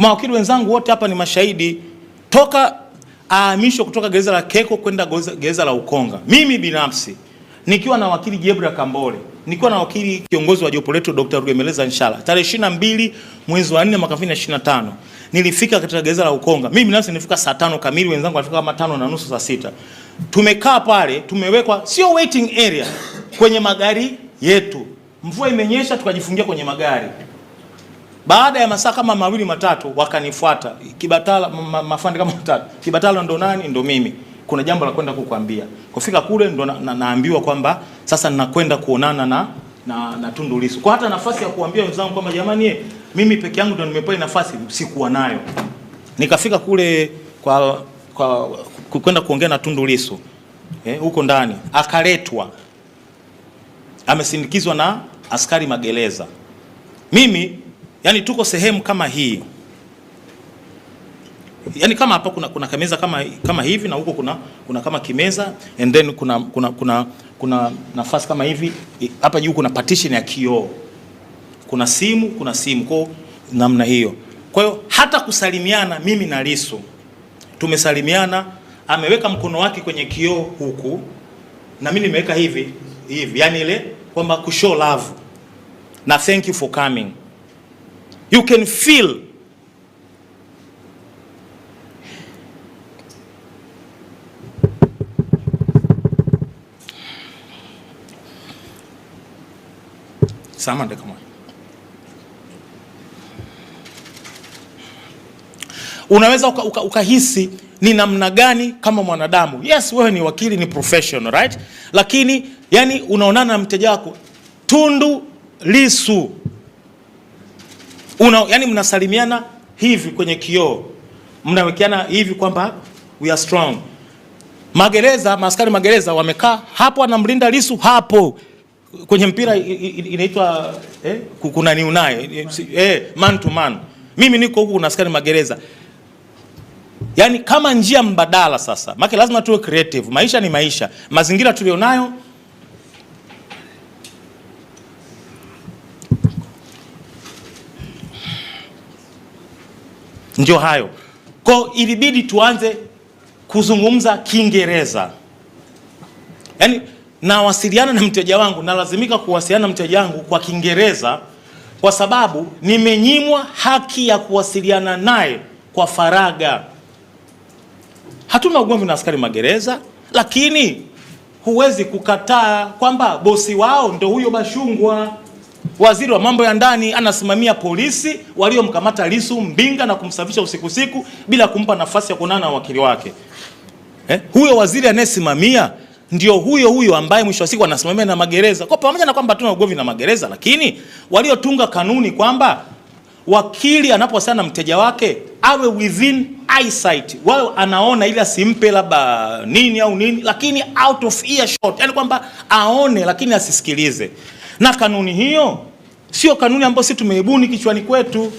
Mawakili wenzangu wote hapa ni mashahidi, toka ahamishwe kutoka gereza la Keko kwenda gereza la Ukonga, mimi binafsi nikiwa na wakili Jebra Kambole, nikiwa na wakili kiongozi wa jopo letu Dr. Rugemeleza Nshala, tarehe 22 mwezi wa 4 mwaka 2025 nilifika katika gereza la Ukonga. Mimi binafsi nilifika saa tano kamili, wenzangu walifika kama tano na nusu, saa sita. Tumekaa pale, tumewekwa sio waiting area, kwenye magari yetu. Mvua imenyesha, tukajifungia kwenye magari. Baada ya masaa kama mawili matatu wakanifuata Kibatala, ma, mafandi kama matatu. Kibatala ndo nani? Ndo mimi, kuna jambo la kwenda kukuambia. Kufika kule ndo na, na, naambiwa kwamba sasa ninakwenda kuonana na na, na Tundu Lissu. Kwa hata nafasi ya kuambia wenzangu kwamba jamani, eh, mimi peke yangu ndo nimepewa nafasi, sikuwa nayo. Nikafika kule kwa kwa kwenda kuongea na Tundu Lissu eh, huko ndani akaletwa, amesindikizwa na askari magereza. Mimi yani tuko sehemu kama hii, yani kama hapa kuna, kuna kameza kama, kama hivi na huko kuna, kuna kama kimeza and then kuna, kuna, kuna, kuna nafasi kama hivi hapa juu kuna partition ya kioo, kuna simu kuna simu kwa namna hiyo. Kwa hiyo hata kusalimiana, mimi na Lissu tumesalimiana, ameweka mkono wake kwenye kioo huku na mimi nimeweka hivi hivi, yani ile kwamba kushow love na thank you for coming. You can feel Sama Unaweza ukahisi uka, uka ni namna gani kama mwanadamu. Yes, wewe ni wakili, ni professional, right? Lakini yani unaonana na mteja wako Tundu lisu Una, yani mnasalimiana hivi kwenye kioo, mnawekeana hivi kwamba we are strong. Magereza, maaskari magereza wamekaa hapo, anamlinda lisu hapo kwenye mpira inaitwa eh, kuna ni unaye eh, eh, man to man. Mimi niko huku na askari magereza, yaani kama njia mbadala. Sasa maana lazima tuwe creative, maisha ni maisha, mazingira tulionayo ndio hayo ko, ilibidi tuanze kuzungumza Kiingereza yaani nawasiliana na mteja wangu, nalazimika kuwasiliana na mteja wangu kwa Kiingereza kwa sababu nimenyimwa haki ya kuwasiliana naye kwa faraga Hatuna ugomvi na askari magereza, lakini huwezi kukataa kwamba bosi wao ndio huyo Bashungwa. Waziri wa mambo ya ndani anasimamia polisi waliomkamata Lissu Mbinga na kumsafisha usiku siku bila kumpa nafasi ya kuonana na wakili wake. Eh? Huyo waziri anayesimamia ndio huyo huyo ambaye mwisho wa siku anasimamia na magereza. Kwa pamoja na kwamba tuna ugomvi na magereza, lakini waliotunga kanuni kwamba wakili anaposana na mteja wake awe within eyesight, wao anaona ili asimpe labda nini au nini, lakini out of earshot, yani kwamba aone lakini asisikilize na kanuni hiyo sio kanuni ambayo sisi tumeibuni kichwani kwetu.